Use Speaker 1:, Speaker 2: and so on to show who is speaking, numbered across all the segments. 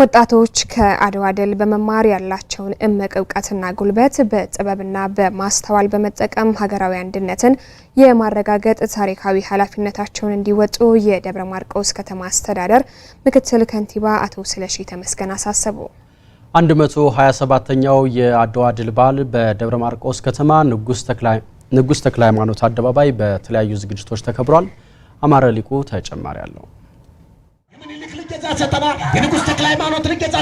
Speaker 1: ወጣቶች ከአድዋ ድል በመማር ያላቸውን እምቅ እውቀትና ጉልበት በጥበብና በማስተዋል በመጠቀም ሀገራዊ አንድነትን የማረጋገጥ ታሪካዊ ኃላፊነታቸውን እንዲወጡ የደብረ ማርቆስ ከተማ አስተዳደር ምክትል ከንቲባ አቶ ስለሺ ተመስገን አሳሰቡ።
Speaker 2: 127ኛው የአድዋ ድል በዓል በደብረ ማርቆስ ከተማ ንጉሥ ተክለ ሃይማኖት አደባባይ በተለያዩ ዝግጅቶች ተከብሯል። አማረ ሊቁ ተጨማሪ አለው። ልገዛ ሰጠባ የንጉሥ ተክለ ሃይማኖት ልገዛ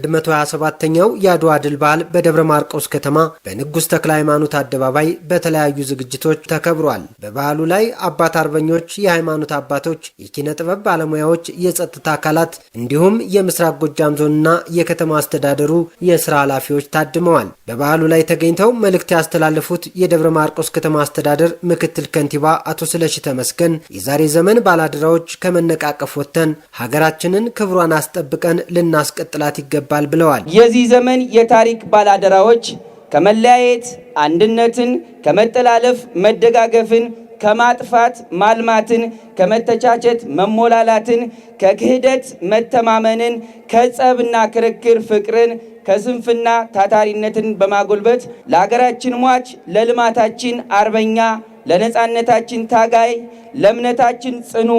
Speaker 2: 127ኛው የአድዋ ድል በዓል በደብረ ማርቆስ ከተማ በንጉሥ ተክለ ሃይማኖት አደባባይ በተለያዩ ዝግጅቶች ተከብሯል። በበዓሉ ላይ አባት አርበኞች፣ የሃይማኖት አባቶች፣ የኪነ ጥበብ ባለሙያዎች፣ የጸጥታ አካላት እንዲሁም የምስራቅ ጎጃም ዞንና የከተማ አስተዳደሩ የስራ ኃላፊዎች ታድመዋል። በበዓሉ ላይ ተገኝተው መልእክት ያስተላለፉት የደብረ ማርቆስ ከተማ አስተዳደር ምክትል ከንቲባ አቶ ስለሺ ተመስገን የዛሬ ዘመን ባላደራዎች ከመነቃቀፍ ወጥተን ሀገራችንን ክብሯን አስጠብቀን ልናስቀጥላት ይገባል ይገባል ብለዋል።
Speaker 3: የዚህ ዘመን የታሪክ ባላደራዎች ከመለያየት አንድነትን፣ ከመጠላለፍ መደጋገፍን፣ ከማጥፋት ማልማትን፣ ከመተቻቸት መሞላላትን፣ ከክህደት መተማመንን፣ ከጸብና ክርክር ፍቅርን፣ ከስንፍና ታታሪነትን በማጎልበት ለሀገራችን ሟች፣ ለልማታችን አርበኛ፣ ለነፃነታችን ታጋይ፣ ለእምነታችን ጽኑ፣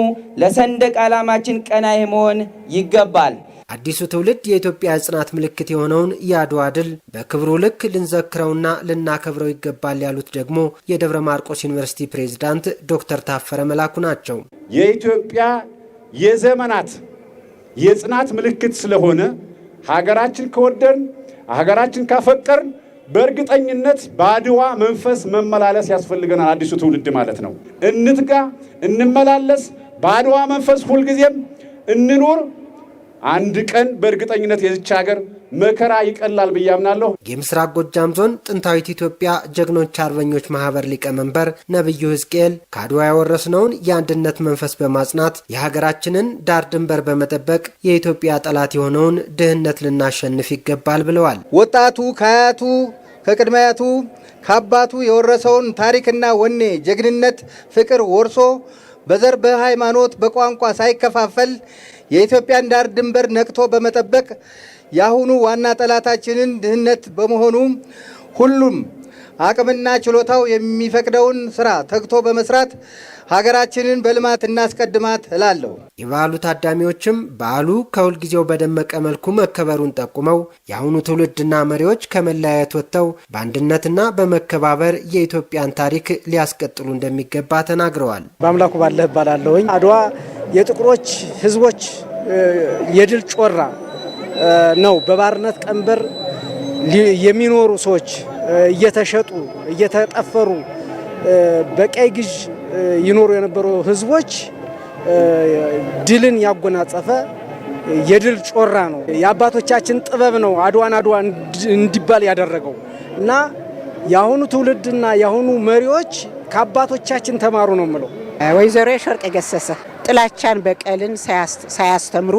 Speaker 3: ለሰንደቅ ዓላማችን ቀናይ መሆን ይገባል።
Speaker 4: አዲሱ ትውልድ የኢትዮጵያ የጽናት ምልክት የሆነውን የአድዋ ድል በክብሩ ልክ ልንዘክረውና ልናከብረው ይገባል ያሉት ደግሞ የደብረ ማርቆስ ዩኒቨርሲቲ ፕሬዚዳንት ዶክተር ታፈረ መላኩ ናቸው።
Speaker 5: የኢትዮጵያ የዘመናት የጽናት ምልክት ስለሆነ ሀገራችን ከወደድን፣ ሀገራችን ካፈቀርን በእርግጠኝነት በአድዋ መንፈስ መመላለስ ያስፈልገናል። አዲሱ ትውልድ ማለት ነው። እንትጋ፣ እንመላለስ፣ በአድዋ መንፈስ ሁልጊዜም እንኖር። አንድ ቀን በእርግጠኝነት የዚች ሀገር መከራ ይቀላል ብዬ አምናለሁ።
Speaker 2: የምስራቅ ጎጃም ዞን ጥንታዊት ኢትዮጵያ ጀግኖች አርበኞች ማህበር ሊቀመንበር ነቢዩ ህዝቅኤል ከአድዋ ያወረስነውን የአንድነት መንፈስ በማጽናት የሀገራችንን ዳር ድንበር በመጠበቅ የኢትዮጵያ ጠላት የሆነውን ድህነት ልናሸንፍ ይገባል ብለዋል።
Speaker 6: ወጣቱ ከአያቱ ከቅድመያቱ ከአባቱ የወረሰውን ታሪክና ወኔ፣ ጀግንነት፣ ፍቅር ወርሶ በዘር በሃይማኖት በቋንቋ ሳይከፋፈል የኢትዮጵያን ዳር ድንበር ነቅቶ በመጠበቅ የአሁኑ ዋና ጠላታችንን ድህነት በመሆኑ ሁሉም አቅምና ችሎታው የሚፈቅደውን ስራ ተግቶ በመስራት ሀገራችንን በልማት እናስቀድማት እላለሁ።
Speaker 2: የበዓሉ ታዳሚዎችም በዓሉ ከሁልጊዜው በደመቀ መልኩ መከበሩን ጠቁመው የአሁኑ ትውልድና መሪዎች ከመለያየት ወጥተው በአንድነትና በመከባበር የኢትዮጵያን ታሪክ ሊያስቀጥሉ እንደሚገባ ተናግረዋል።
Speaker 7: በአምላኩ ባለህ እባላለሁኝ። አድዋ የጥቁሮች ህዝቦች የድል ጮራ ነው። በባርነት ቀንበር የሚኖሩ ሰዎች እየተሸጡ እየተጠፈሩ በቀይ ግዥ ይኖሩ የነበሩ ህዝቦች ድልን ያጎናጸፈ የድል ጮራ ነው። የአባቶቻችን ጥበብ ነው አድዋን አድዋ እንዲባል ያደረገው እና የአሁኑ ትውልድና የአሁኑ መሪዎች ከአባቶቻችን ተማሩ ነው የምለው።
Speaker 8: ወይዘሮ የሸርቅ ገሰሰ ጥላቻን በቀልን ሳያስተምሩ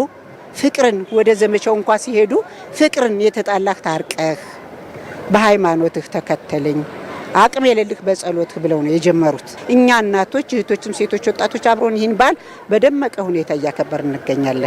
Speaker 8: ፍቅርን ወደ ዘመቻው እንኳ ሲሄዱ ፍቅርን የተጣላህ ታርቀህ በሃይማኖትህ ተከተለኝ አቅም የሌልህ በጸሎትህ ብለው ነው የጀመሩት። እኛ እናቶች፣ እህቶችም፣ ሴቶች፣ ወጣቶች አብሮን ይህን በዓል በደመቀ ሁኔታ እያከበር እንገኛለን።